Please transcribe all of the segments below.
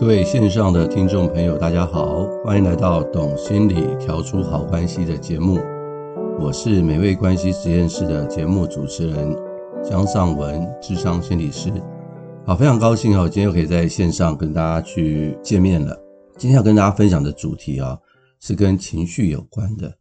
各位線上的聽眾朋友，大家好，歡迎來到《懂心理調出好關係》的節目，我是美味關係實驗室的節目主持人姜尚文，諮商心理師。好，非常高興哈，今天又可以在線上跟大家去見面了。今天要跟大家分享的主題啊，是跟情緒有關的。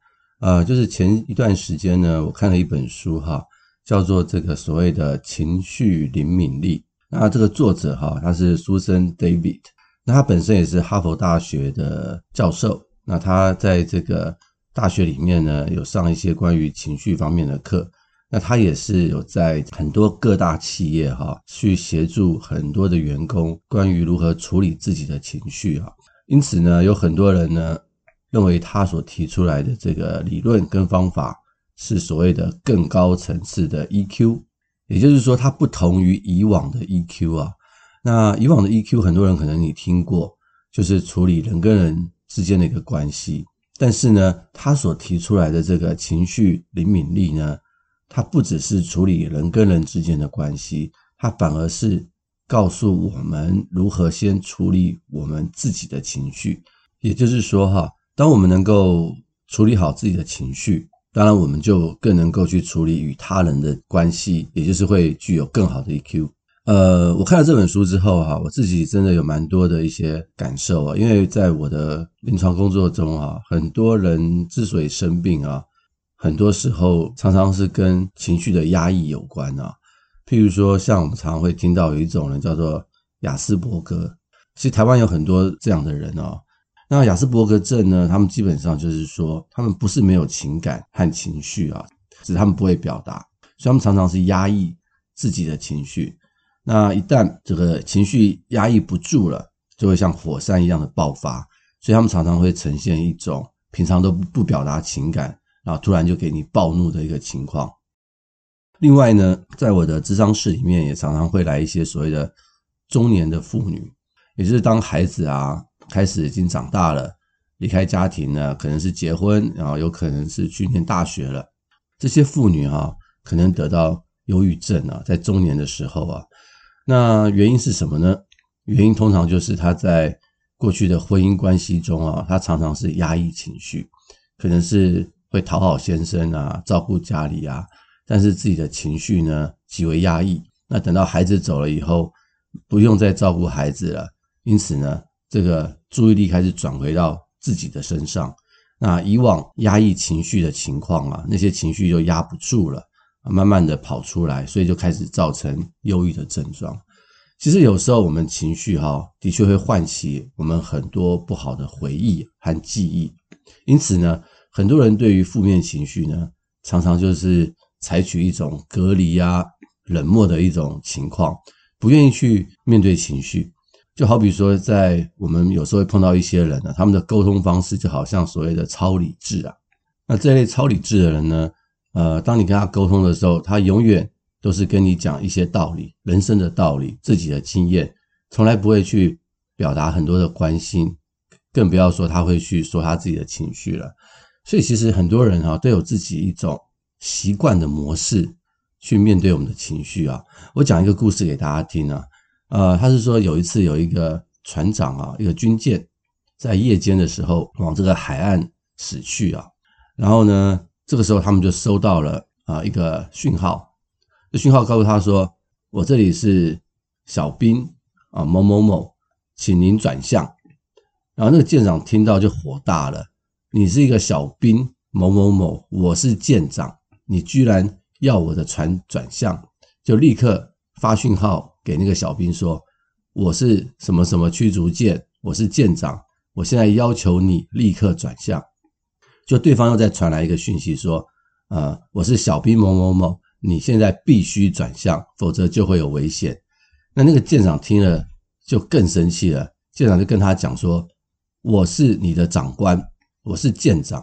呃，就是前一段時間呢，我看了一本書哈，叫做這個所謂的情緒靈敏力。那這個作者哈，他是 Susan David。那他本身也是哈佛大學的教授，那他在這個大學裡面呢，有上一些關於情緒方面的課。那他也是有在很多各大企業哈、啊，去協助很多的員工關於如何處理自己的情緒啊。因此呢，有很多人呢認為他所提出來的這個理論跟方法是所謂的更高層次的 EQ，也就是說，它不同於以往的 EQ 啊。那以往的 EQ，很多人可能你聽過，就是處理人跟人之間的一個關係。但是呢，他所提出來的這個情緒靈敏力呢，它不只是處理人跟人之間的關係，它反而是告訴我們如何先處理我們自己的情緒。也就是說，哈，當我們能夠處理好自己的情緒，當然我們就更能夠去處理與他人的關係，也就是會具有更好的 EQ。呃，我看了這本書之後哈、啊，我自己真的有蠻多的一些感受啊。因為在我的臨床工作中啊，很多人之所以生病啊，很多時候常常是跟情緒的壓抑有關啊。譬如說，像我們常常會聽到有一種人叫做亞斯伯格，其實台灣有很多這樣的人哦、啊。那亞斯伯格症呢，他們基本上就是說，他們不是沒有情感和情緒啊，只是他們不會表達，所以他們常常是壓抑自己的情緒。那一旦這個情緒壓抑不住了，就會像火山一樣的爆發，所以他們常常會呈現一種平常都不表達情感，然後突然就給你暴怒的一個情況。另外呢，在我的諮商室裡面也常常會來一些所謂的中年的婦女，也就是當孩子啊開始已經長大了，離開家庭呢，可能是結婚，然後有可能是去念大學了，這些婦女啊，可能得到憂鬱症啊，在中年的時候啊。那原因是什麼呢？原因通常就是他在過去的婚姻關係中啊，他常常是壓抑情緒，可能是會討好先生啊，照顧家裡啊，但是自己的情緒呢極為壓抑。那等到孩子走了以後，不用再照顧孩子了，因此呢，這個注意力開始轉回到自己的身上。那以往壓抑情緒的情況啊，那些情緒就壓不住了。慢慢的跑出來，所以就開始造成憂鬱的症狀。其實有時候我們情緒哈、哦，的確會喚起我們很多不好的回憶和記憶。因此呢，很多人對於負面情緒呢，常常就是採取一種隔離啊、冷漠的一種情況，不願意去面對情緒。就好比說，在我們有時候會碰到一些人呢、啊，他們的溝通方式就好像所謂的超理智啊。那這類超理智的人呢？呃，當你跟他溝通的時候，他永遠都是跟你講一些道理、人生的道理、自己的經驗，從來不會去表達很多的關心，更不要說他會去說他自己的情緒了。所以其實很多人哈、啊、都有自己一種習慣的模式去面對我們的情緒啊。我講一個故事給大家聽啊。呃，他是說有一次有一個船長啊，一個軍艦在夜間的時候往這個海岸駛去啊，然後呢，這個時候，他們就收到了啊一個訊號，這訊號告訴他說：“我這裡是小兵啊某某某，請您轉向。”然後那個艦長聽到就火大了：“你是一個小兵某某某，我是艦長，你居然要我的船轉向，就立刻發訊號給那個小兵說：‘我是什麼什麼驅逐艦，我是艦長，我現在要求你立刻轉向。’”就對方又再傳來一個訊息說，啊、呃，我是小兵某某某，你現在必須轉向，否則就會有危險。那那個艦長聽了就更生氣了，艦長就跟他講說，我是你的長官，我是艦長，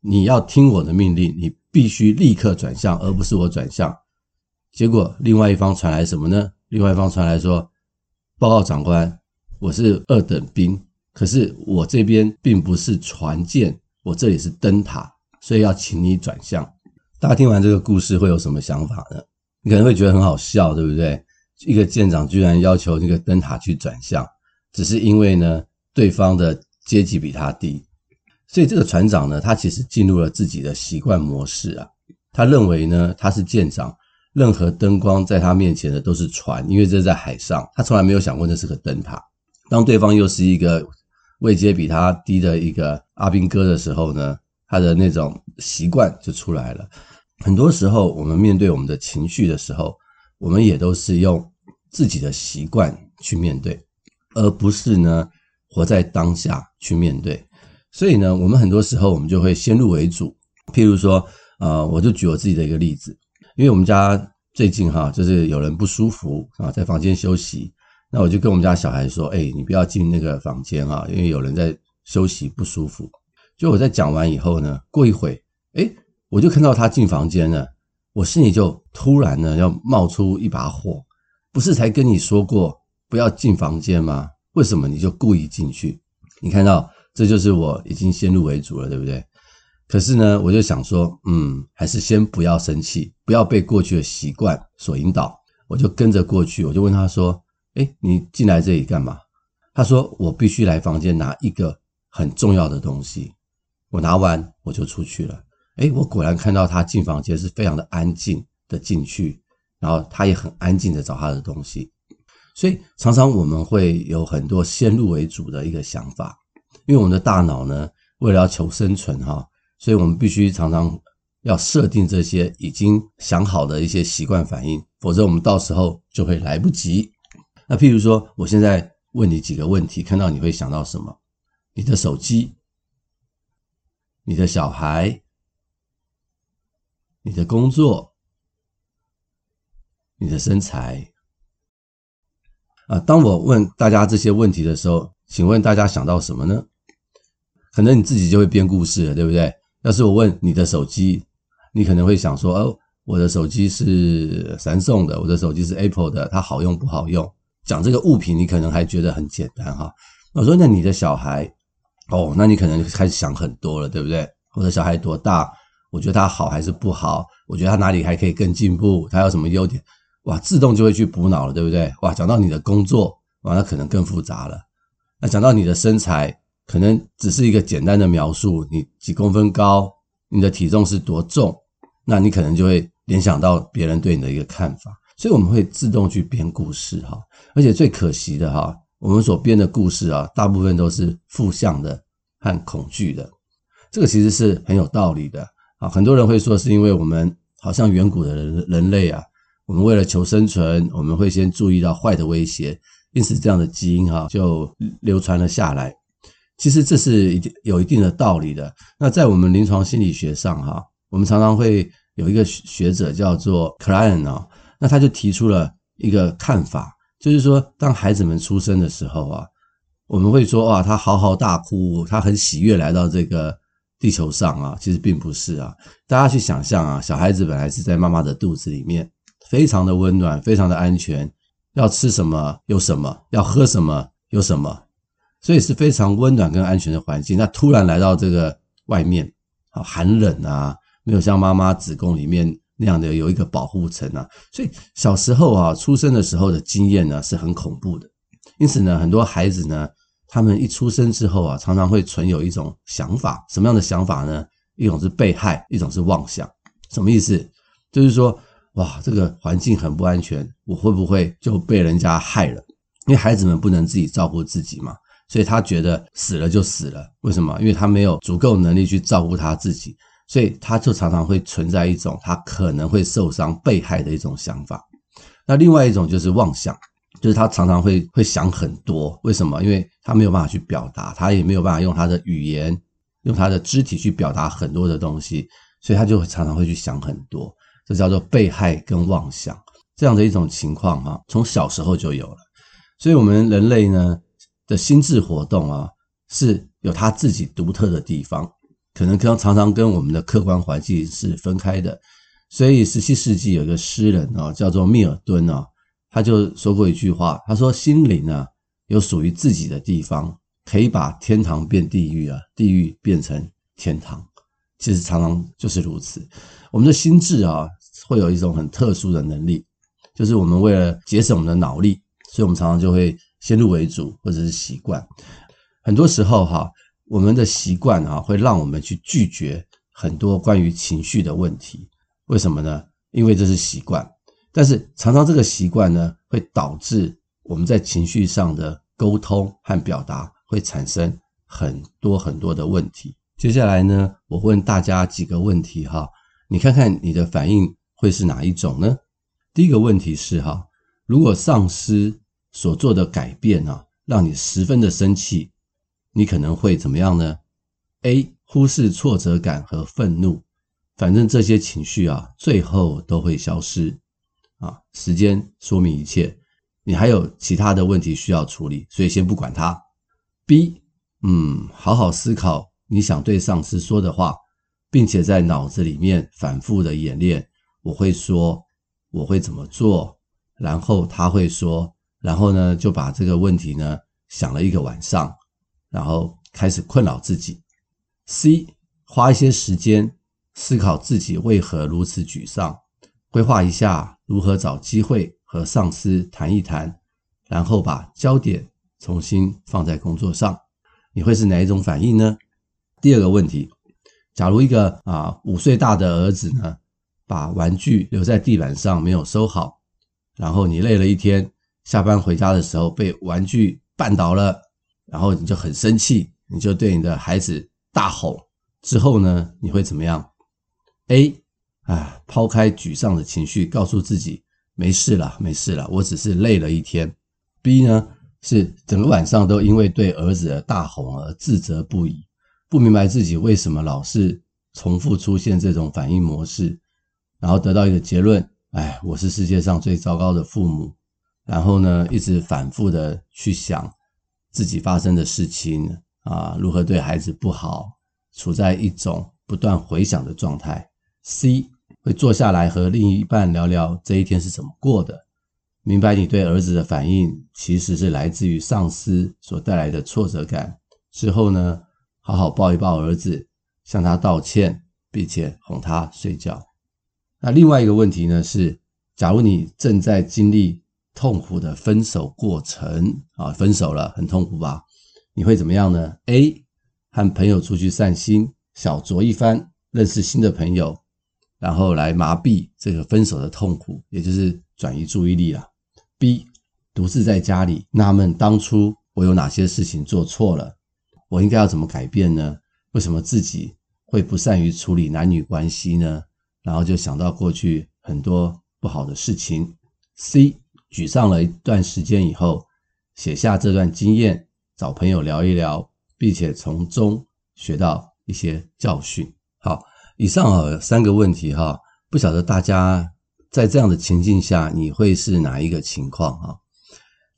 你要聽我的命令，你必須立刻轉向，而不是我轉向。結果另外一方傳來什麼呢？另外一方傳來說，報告長官，我是二等兵，可是我這邊並不是船艦。我這裡是燈塔，所以要請你轉向。大家聽完這個故事會有什麼想法呢？你可能會覺得很好笑，對不對？一個艦長居然要求那個燈塔去轉向，只是因為呢，對方的階級比他低。所以這個船長呢，他其實進入了自己的習慣模式啊。他認為呢，他是艦長，任何燈光在他面前的都是船，因為這是在海上。他從來沒有想過這是個燈塔。當對方又是一個。位階比他低的一個阿兵哥的時候呢，他的那種習慣就出來了。很多時候，我們面對我們的情緒的時候，我們也都是用自己的習慣去面對，而不是呢活在當下去面對。所以呢，我們很多時候我們就會先入為主。譬如說，呃，我就舉我自己的一個例子，因為我們家最近哈，就是有人不舒服啊，在房間休息。那我就跟我們家小孩說：“哎，你不要進那個房間啊，因為有人在休息不舒服。”就我在講完以後呢，過一會，哎，我就看到他進房間了，我心裡就突然呢要冒出一把火。不是才跟你說過不要進房間嗎？為什麼你就故意進去？你看到這就是我已經先入為主了，對不對？可是呢，我就想說，嗯，還是先不要生氣，不要被過去的習慣所引導。我就跟着過去，我就問他說。哎，你進來這裡幹嘛？他說：“我必須來房間拿一個很重要的東西，我拿完我就出去了。”哎，我果然看到他進房間是非常的安靜的進去，然後他也很安靜的找他的東西。所以常常我們會有很多先入為主的一個想法，因為我們的大腦呢為了要求生存哈，所以我們必須常常要設定這些已經想好的一些習慣反應，否則我們到時候就會來不及。那譬如說，我現在問你幾個問題，看到你會想到什麼？你的手機、你的小孩、你的工作、你的身材。啊，當我問大家這些問題的時候，請問大家想到什麼呢？可能你自己就會編故事了，對不對？要是我問你的手機，你可能會想說：“哦，我的手機是 Samsung 的，我的手機是 Apple 的，它好用不好用？”講這個物品，你可能還覺得很簡單哈。我說，那你的小孩，哦，那你可能就開始想很多了，對不對？或者小孩多大？我覺得他好還是不好？我覺得他哪裡還可以更進步？他有什麼優點？哇，自動就會去補腦了，對不對？哇，講到你的工作，哇，那可能更複雜了。那講到你的身材，可能只是一個簡單的描述，你幾公分高，你的體重是多重，那你可能就會聯想到別人對你的一個看法。所以我們會自動去編故事哈，而且最可惜的哈，我們所編的故事啊，大部分都是負向的和恐懼的。這個其實是很有道理的啊。很多人會說，是因為我們好像遠古的人人類啊，我們為了求生存，我們會先注意到壞的威脅，因此這樣的基因哈就流傳了下來。其實這是一定有一定的道理的。那在我們臨床心理學上哈，我們常常會有一個學者叫做克萊恩啊。那他就提出了一個看法，就是說，當孩子們出生的時候啊，我們會說哇，他嚎啕大哭，他很喜悅來到這個地球上啊，其實並不是啊。大家去想象啊，小孩子本來是在媽媽的肚子裡面，非常的溫暖，非常的安全，要吃什麼有什麼，要喝什麼有什麼，所以是非常溫暖跟安全的環境。那突然來到這個外面，好寒冷啊，沒有像媽媽子宮裡面，那樣的有一個保護層啊，所以小時候啊，出生的時候的經驗呢是很恐怖的。因此呢，很多孩子呢，他們一出生之後啊，常常會存有一種想法，什麼樣的想法呢？一種是被害，一種是妄想。什麼意思？就是說，哇，這個環境很不安全，我會不會就被人家害了？因為孩子們不能自己照顧自己嘛，所以他覺得死了就死了。為什麼？因為他沒有足夠能力去照顧他自己。所以他就常常會存在一種他可能會受傷被害的一種想法，那另外一種就是妄想，就是他常常會會想很多，為什麼？因為他沒有辦法去表達，他也沒有辦法用他的語言、用他的肢體去表達很多的東西，所以他就常常會去想很多。這叫做被害跟妄想。這樣的一種情況哈、啊，從小時候就有了。所以我們人類呢的心智活動啊是有他自己獨特的地方。可能跟常常跟我們的客觀環境是分開的，所以十七世紀有一個詩人哦，叫做彌爾頓哦，他就說過一句話，他說：“心靈啊，有屬於自己的地方，可以把天堂變地獄啊，地獄變成天堂。”其實常常就是如此。我們的心智啊，會有一種很特殊的能力，就是我們為了節省我們的腦力，所以我們常常就會先入為主或者是習慣，很多時候哈啊。我們的習慣啊，會讓我們去拒絕很多關於情緒的問題。為什麼呢？因為這是習慣。但是常常這個習慣呢，會導致我們在情緒上的溝通和表達會產生很多很多的問題。接下來呢，我問大家幾個問題哈，你看看你的反應會是哪一種呢？第一個問題是哈，如果上司所做的改變啊，讓你十分的生氣。你可能會怎麼樣呢？A 忽視挫折感和憤怒，反正這些情緒啊，最後都會消失啊。時間說明一切。你還有其他的問題需要處理，所以先不管它。B 嗯，好好思考你想對上司說的話，並且在腦子裡面反覆的演練。我會說，我會怎麼做，然後他會說，然後呢，就把這個問題呢想了一個晚上。然後開始困擾自己，C，花一些時間思考自己為何如此沮喪，規劃一下如何找機會和上司談一談，然後把焦點重新放在工作上。你會是哪一種反應呢？第二個問題，假如一個，啊，五歲大的兒子呢，把玩具留在地板上沒有收好，然後你累了一天，下班回家的時候被玩具絆倒了。然後你就很生氣，你就對你的孩子大吼。之後呢，你會怎麼樣？A，啊，拋開沮喪的情緒，告訴自己沒事了，沒事了，我只是累了一天。B 呢，是整個晚上都因為對兒子的大吼而自責不已，不明白自己為什麼老是重複出現這種反應模式，然後得到一個結論：哎，我是世界上最糟糕的父母。然後呢，一直反覆的去想。自己發生的事情啊，如何對孩子不好，處在一種不斷回想的狀態。C 會坐下來和另一半聊聊這一天是怎麼過的，明白你對兒子的反應其實是來自於上司所帶來的挫折感。之後呢，好好抱一抱兒子，向他道歉，並且哄他睡覺。那另外一個問題呢是，假如你正在經歷。痛苦的分手過程啊，分手了很痛苦吧？你會怎麼樣呢？A 和朋友出去散心，小酌一番，認識新的朋友，然後來麻痹這個分手的痛苦，也就是轉移注意力啊。B 獨自在家裡納悶，當初我有哪些事情做錯了？我應該要怎麼改變呢？為什麼自己會不善於處理男女關係呢？然後就想到過去很多不好的事情。C 沮喪了一段時間以後，寫下這段經驗，找朋友聊一聊，並且從中學到一些教訓。好，以上啊三個問題哈，不曉得大家在這樣的情境下，你會是哪一個情況啊？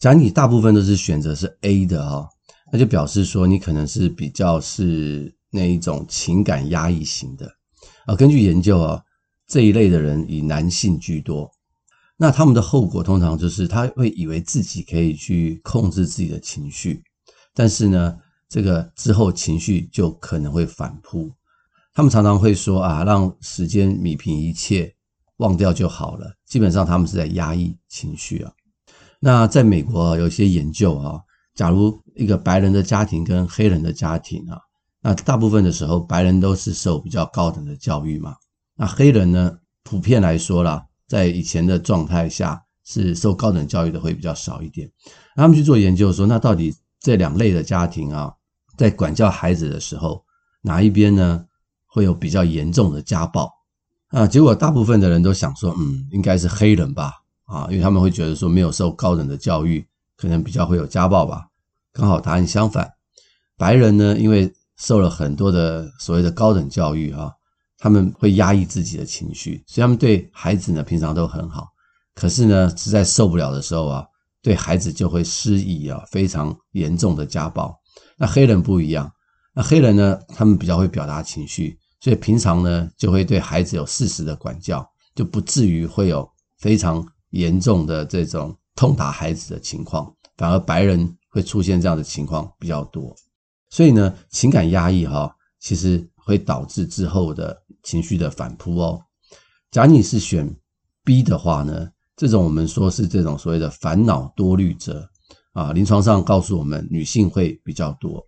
假如你大部分都是選擇是 A 的哈，那就表示說你可能是比較是那一種情感壓抑型的啊。根據研究啊，這一類的人以男性居多。那他們的後果通常就是他會以為自己可以去控制自己的情緒，但是呢，這個之後情緒就可能會反撲。他們常常會說啊，讓時間弥平一切，忘掉就好了。基本上他們是在壓抑情緒啊。那在美國有些研究啊，假如一個白人的家庭跟黑人的家庭啊，那大部分的時候白人都是受比較高等的教育嘛，那黑人呢，普遍來說啦。在以前的狀態下，是受高等教育的會比較少一點。他們去做研究說，那到底這兩類的家庭啊，在管教孩子的時候，哪一邊呢，會有比較嚴重的家暴啊？結果大部分的人都想說，嗯，應該是黑人吧，啊，因為他們會覺得說沒有受高等的教育，可能比較會有家暴吧。剛好答案相反，白人呢，因為受了很多的所謂的高等教育啊。他們會壓抑自己的情緒，所以他們對孩子呢，平常都很好。可是呢，實在受不了的時候啊，對孩子就會施以啊，非常嚴重的家暴。那黑人不一樣，那黑人呢，他們比較會表達情緒，所以平常呢，就會對孩子有適時的管教，就不至於會有非常嚴重的這種痛打孩子的情況。反而白人會出現這樣的情況比較多。所以呢，情感壓抑哈，其實。會導致之後的情緒的反撲哦。假如你是選 B 的話呢，這種我們說是這種所謂的煩惱多慮者啊，臨床上告訴我們，女性會比較多。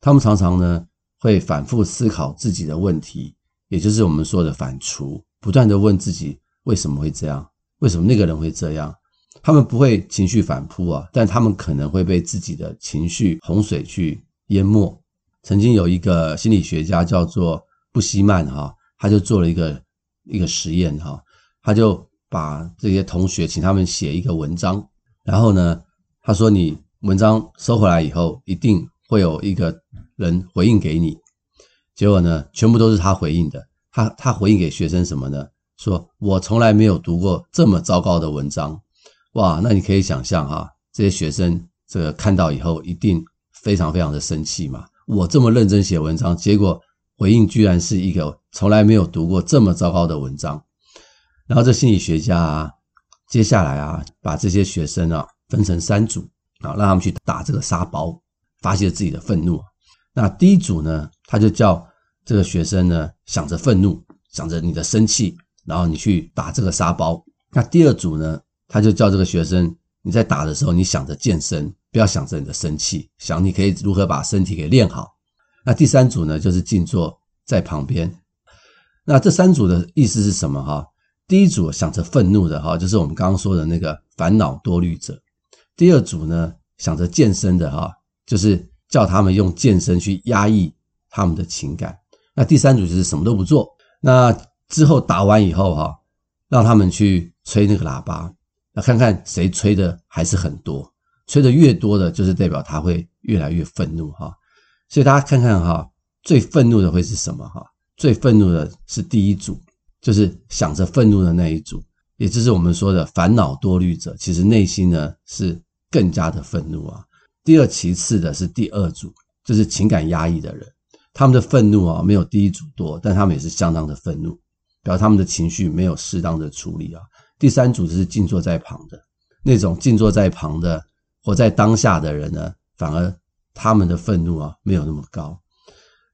她們常常呢會反覆思考自己的問題，也就是我們說的反芻，不斷地問自己為什麼會這樣，為什麼那個人會這樣。她們不會情緒反撲啊，但她們可能會被自己的情緒洪水去淹沒。曾經有一個心理學家叫做布希曼哈、啊，他就做了一個一個實驗哈、啊，他就把這些同學請他們寫一個文章，然後呢，他說你文章收回來以後，一定會有一個人回應給你，結果呢，全部都是他回應的，他他回應給學生什麼呢？說我從來沒有讀過這麼糟糕的文章，哇，那你可以想象哈、啊，這些學生這個看到以後一定非常非常的生氣嘛。我這麼認真寫文章，結果回應居然是一個從來沒有讀過這麼糟糕的文章。然後這心理學家啊，接下來啊，把這些學生啊分成三組啊，然後讓他們去打這個沙包，發泄自己的憤怒。那第一組呢，他就叫這個學生呢想着憤怒，想着你的生氣，然後你去打這個沙包。那第二組呢，他就叫這個學生你在打的時候你想着健身。不要想着你的生氣，想你可以如何把身體給練好。那第三組呢，就是靜坐在旁邊。那這三組的意思是什麼哈？第一組想着憤怒的哈，就是我們剛剛說的那個煩惱多慮者。第二組呢，想着健身的哈，就是叫他們用健身去壓抑他們的情感。那第三組就是什麼都不做。那之後打完以後哈，讓他們去吹那個喇叭，那看看誰吹的還是很多。吹得越多的，就是代表他會越來越憤怒哈。所以大家看看哈，最憤怒的會是什麼哈？最憤怒的是第一組，就是想着憤怒的那一組，也就是我們說的煩惱多慮者，其實內心呢是更加的憤怒啊。第二其次的是第二組，就是情感壓抑的人，他們的憤怒啊沒有第一組多，但他們也是相當的憤怒，表示他們的情緒沒有適當的處理啊。第三組就是靜坐在旁的，那種靜坐在旁的。活在當下的人呢，反而他們的憤怒啊沒有那麼高，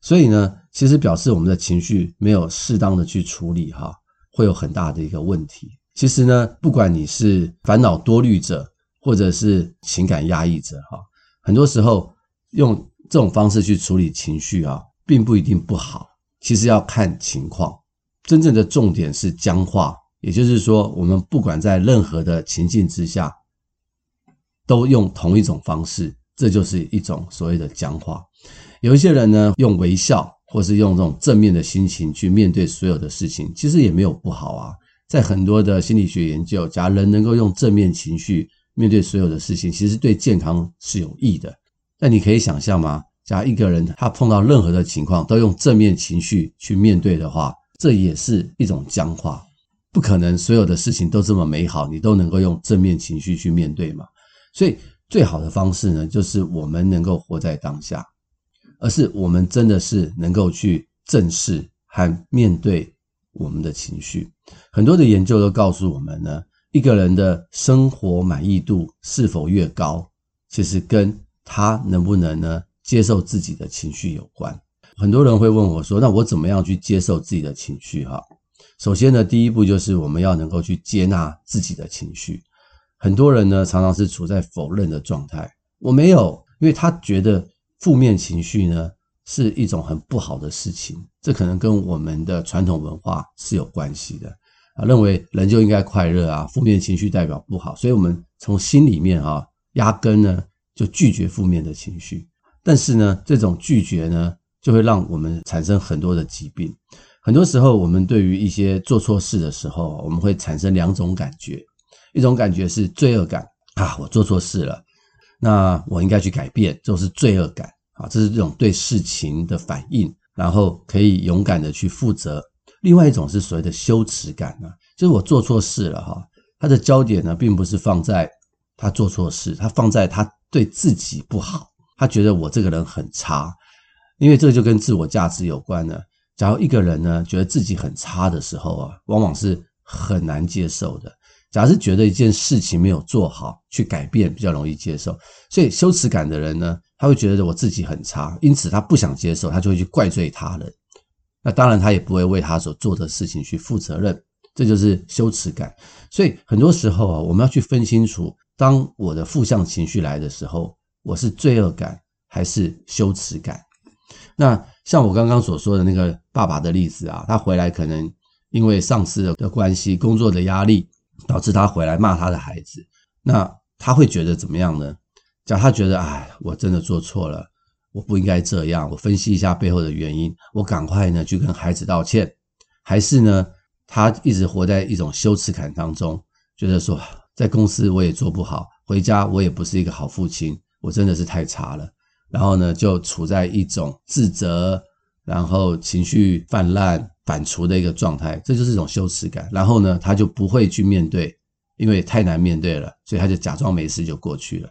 所以呢，其實表示我們的情緒沒有適當的去處理哈、啊，會有很大的一個問題。其實呢，不管你是煩惱多慮者，或者是情感壓抑者哈，很多時候用這種方式去處理情緒啊，並不一定不好。其實要看情況，真正的重點是僵化，也就是說，我們不管在任何的情境之下，都用同一種方式，這就是一種所謂的僵化。有一些人呢，用微笑或是用這種正面的心情去面對所有的事情，其實也沒有不好啊。在很多的心理學研究，假如人能夠用正面情緒面對所有的事情，其實對健康是有益的。但你可以想象嗎？假如一個人他碰到任何的情況都用正面情緒去面對的話，這也是一種僵化。不可能所有的事情都這麼美好，你都能夠用正面情緒去面對嘛？所以，最好的方式呢，就是我們能夠活在當下，而是我們真的是能夠去正視和面對我們的情緒。很多的研究都告訴我們呢，一個人的生活滿意度是否越高，其實跟他能不能呢接受自己的情緒有關。很多人會問我說：“那我怎麼樣去接受自己的情緒？”哈，首先呢，第一步就是我們要能夠去接納自己的情緒。很多人呢，常常是處在否認的狀態。我沒有，因為他覺得負面情緒呢是一種很不好的事情，這可能跟我們的傳統文化是有關係的啊。認為人就應該快樂啊，負面情緒代表不好，所以我們從心裡面啊，壓根呢就拒絕負面的情緒。但是呢，這種拒絕呢，就會讓我們產生很多的疾病。很多時候，我們對於一些做錯事的時候，我們會產生兩種感覺。一種感覺是罪惡感啊，我做錯事了，那我應該去改變，就是罪惡感啊，這是這種對事情的反應，然後可以勇敢的去負責。另外一種是所謂的羞恥感呢，就是我做錯事了哈，他的焦點呢並不是放在他做錯事，他放在他對自己不好，他覺得我這個人很差，因為這個就跟自我價值有關呢。假如一個人呢覺得自己很差的時候啊，往往是很難接受的。假設是覺得一件事情沒有做好，去改變比較容易接受，所以羞恥感的人呢，他會覺得我自己很差，因此他不想接受，他就會去怪罪他人。那當然，他也不會為他所做的事情去負責任，這就是羞恥感。所以很多時候啊，我們要去分清楚，當我的負向情緒來的時候，我是罪惡感還是羞恥感？那像我剛剛所說的那個爸爸的例子啊，他回來可能因為上司的關係、工作的壓力。導致他回來罵他的孩子，那他會覺得怎麼樣呢？假如他覺得，哎，我真的做錯了，我不應該這樣，我分析一下背後的原因，我趕快呢去跟孩子道歉，還是呢他一直活在一種羞恥感當中，覺得說在公司我也做不好，回家我也不是一個好父親，我真的是太差了，然後呢就處在一種自責，然後情緒泛濫。反芻的一個狀態，這就是一種羞恥感。然後呢，他就不會去面對，因為也太難面對了，所以他就假裝沒事就過去了，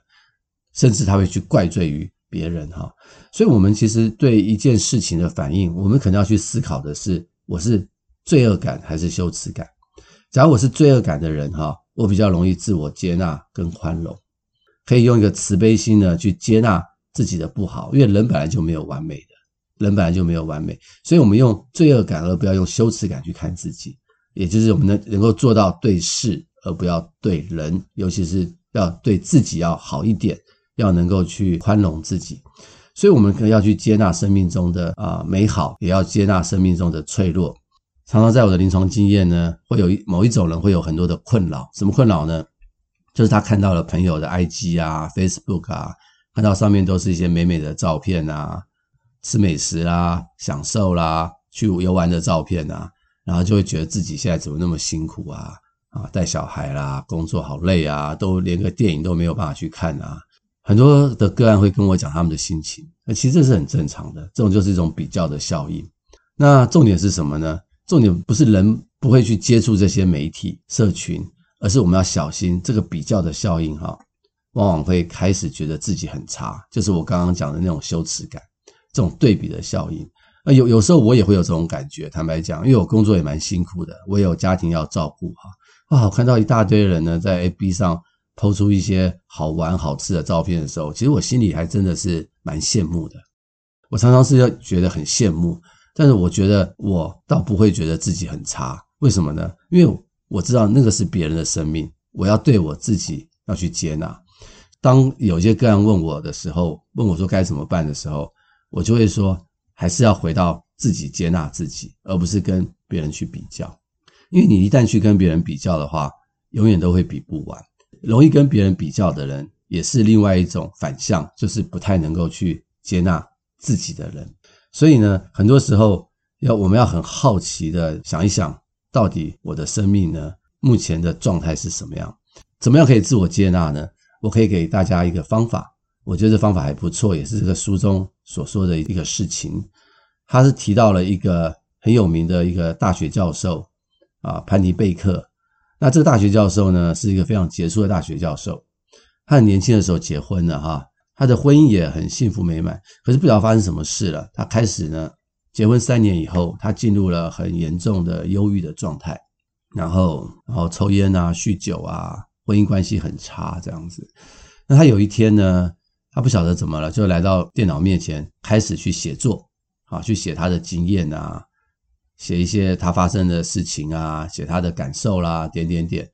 甚至他會去怪罪於別人哈。所以，我們其實對一件事情的反應，我們可能要去思考的是：我是罪惡感還是羞恥感？假如我是罪惡感的人哈，我比較容易自我接納跟寬容，可以用一個慈悲心呢去接納自己的不好，因為人本來就沒有完美。人本來就沒有完美，所以我們用罪惡感而不要用羞恥感去看自己，也就是我們能能夠做到對事而不要對人，尤其是要對自己要好一點，要能夠去寬容自己。所以我們可能要去接納生命中的啊美好，也要接納生命中的脆弱。常常在我的臨床經驗呢，會有某一種人會有很多的困擾，什麼困擾呢？就是他看到了朋友的 IG 啊、Facebook 啊，看到上面都是一些美美的照片啊。吃美食啦，啊，享受啦，啊，去遊玩的照片啊，然後就會覺得自己現在怎麼那麼辛苦啊啊，帶小孩啦，啊，工作好累啊，都連個電影都沒有辦法去看啊。很多的個案會跟我講他們的心情，那其實這是很正常的，這種就是一種比較的效應。那重點是什麼呢？重點不是人不會去接觸這些媒體社群，而是我們要小心這個比較的效應哈，往往會開始覺得自己很差，就是我剛剛講的那種羞恥感。這種對比的效應，啊，有有時候我也會有這種感覺。坦白講，因為我工作也蠻辛苦的，我也有家庭要照顧哈、啊。啊，我看到一大堆人呢，在 FB 上 po 出一些好玩好吃的照片的時候，其實我心裡還真的是蠻羨慕的。我常常是要覺得很羨慕，但是我覺得我倒不會覺得自己很差。為什麼呢？因為我知道那個是別人的生命，我要對我自己要去接納。當有些個案問我的時候，問我說該怎麼辦的時候，我就會說，還是要回到自己接納自己，而不是跟別人去比較。因為你一旦去跟別人比較的話，永遠都會比不完。容易跟別人比較的人，也是另外一種反向，就是不太能夠去接納自己的人。所以呢，很多時候要我們要很好奇的想一想，到底我的生命呢，目前的狀態是什麼樣？怎麼樣可以自我接納呢？我可以給大家一個方法，我覺得這方法還不錯，也是這個書中。所說的一個事情，他是提到了一個很有名的一個大學教授啊，潘尼貝克。那這個大學教授呢，是一個非常傑出的大學教授。他很年輕的時候結婚了哈，他的婚姻也很幸福美滿。可是不知道發生什麼事了，他開始呢，結婚三年以後，他進入了很嚴重的憂鬱的狀態，然後然後抽煙啊、酗酒啊，婚姻關係很差這樣子。那他有一天呢，他不曉得怎麼了，就來到電腦面前，開始去寫作，啊，去寫他的經驗啊，寫一些他發生的事情啊，寫他的感受啦，啊，點點點。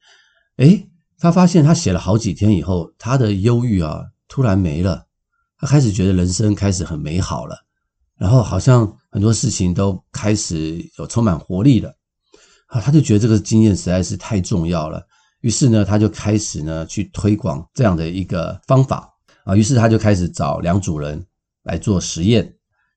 哎，他發現他寫了好幾天以後，他的憂鬱啊，突然沒了，他開始覺得人生開始很美好了，然後好像很多事情都開始有充滿活力了。啊，他就覺得這個經驗實在是太重要了，於是呢，他就開始呢去推廣這樣的一個方法。啊，於是他就開始找兩組人來做實驗，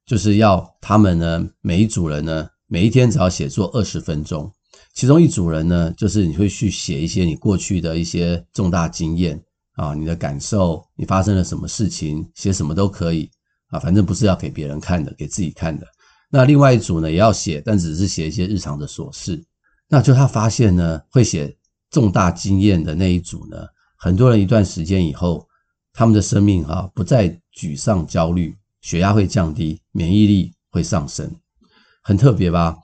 就是要他們呢，每一組人呢，每一天只要寫作二十分鐘。其中一組人呢，就是你會去寫一些你過去的一些重大經驗啊，你的感受，你發生了什麼事情，寫什麼都可以啊，反正不是要給別人看的，給自己看的。那另外一組呢，也要寫，但只是寫一些日常的瑣事。那就他發現呢，會寫重大經驗的那一組呢，很多人一段時間以後。他們的生命哈、啊、不再沮喪、焦慮，血壓會降低，免疫力會上升，很特別吧？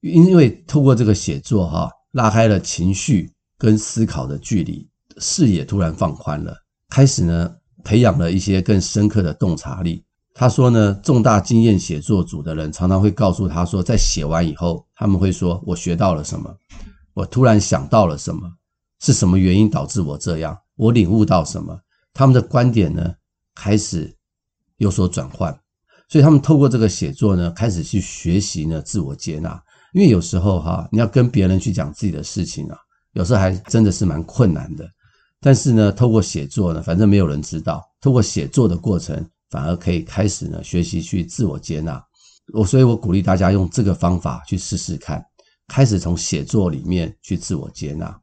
因為透過這個寫作哈、啊，拉開了情緒跟思考的距離，視野突然放寬了，開始呢培養了一些更深刻的洞察力。他說呢，重大經驗寫作組的人常常會告訴他說，在寫完以後，他們會說：“我學到了什麼？我突然想到了什麼？是什麼原因導致我這樣？我領悟到什麼？”他們的觀點呢，開始有所轉換，所以他們透過這個寫作呢，開始去學習呢，自我接納。因為有時候哈、啊，你要跟別人去講自己的事情啊，有時候還真的是蠻困難的。但是呢，透過寫作呢，反正沒有人知道，透過寫作的過程，反而可以開始呢，學習去自我接納。我所以，我鼓勵大家用這個方法去試試看，開始從寫作裡面去自我接納。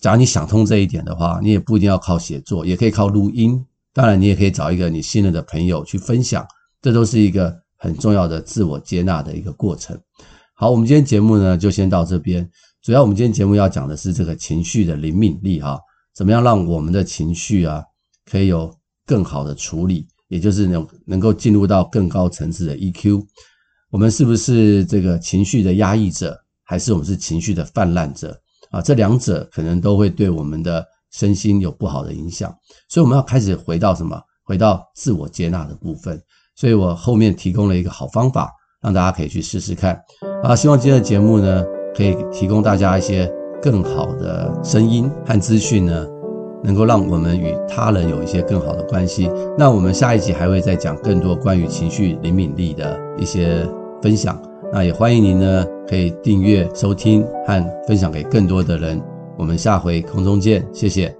假如你想通這一點的話，你也不一定要靠寫作，也可以靠錄音。當然，你也可以找一個你信任的朋友去分享，這都是一個很重要的自我接納的一個過程。好，我們今天節目呢，就先到這邊。主要我們今天節目要講的是這個情緒的靈敏力啊，怎麼樣讓我們的情緒啊可以有更好的處理，也就是能能夠進入到更高層次的 EQ。我們是不是這個情緒的壓抑者，還是我們是情緒的泛濫者？啊，這兩者可能都會對我們的身心有不好的影響，所以我們要開始回到什麼？回到自我接納的部分。所以，我後面提供了一個好方法，讓大家可以去試試看。啊，希望今天的節目呢，可以提供大家一些更好的聲音和資訊呢，能夠讓我們與他人有一些更好的關係。那我們下一集還會再講更多關於情緒靈敏力的一些分享。那也歡迎您呢。可以訂閱、收聽和分享給更多的人。我們下回空中見，謝謝。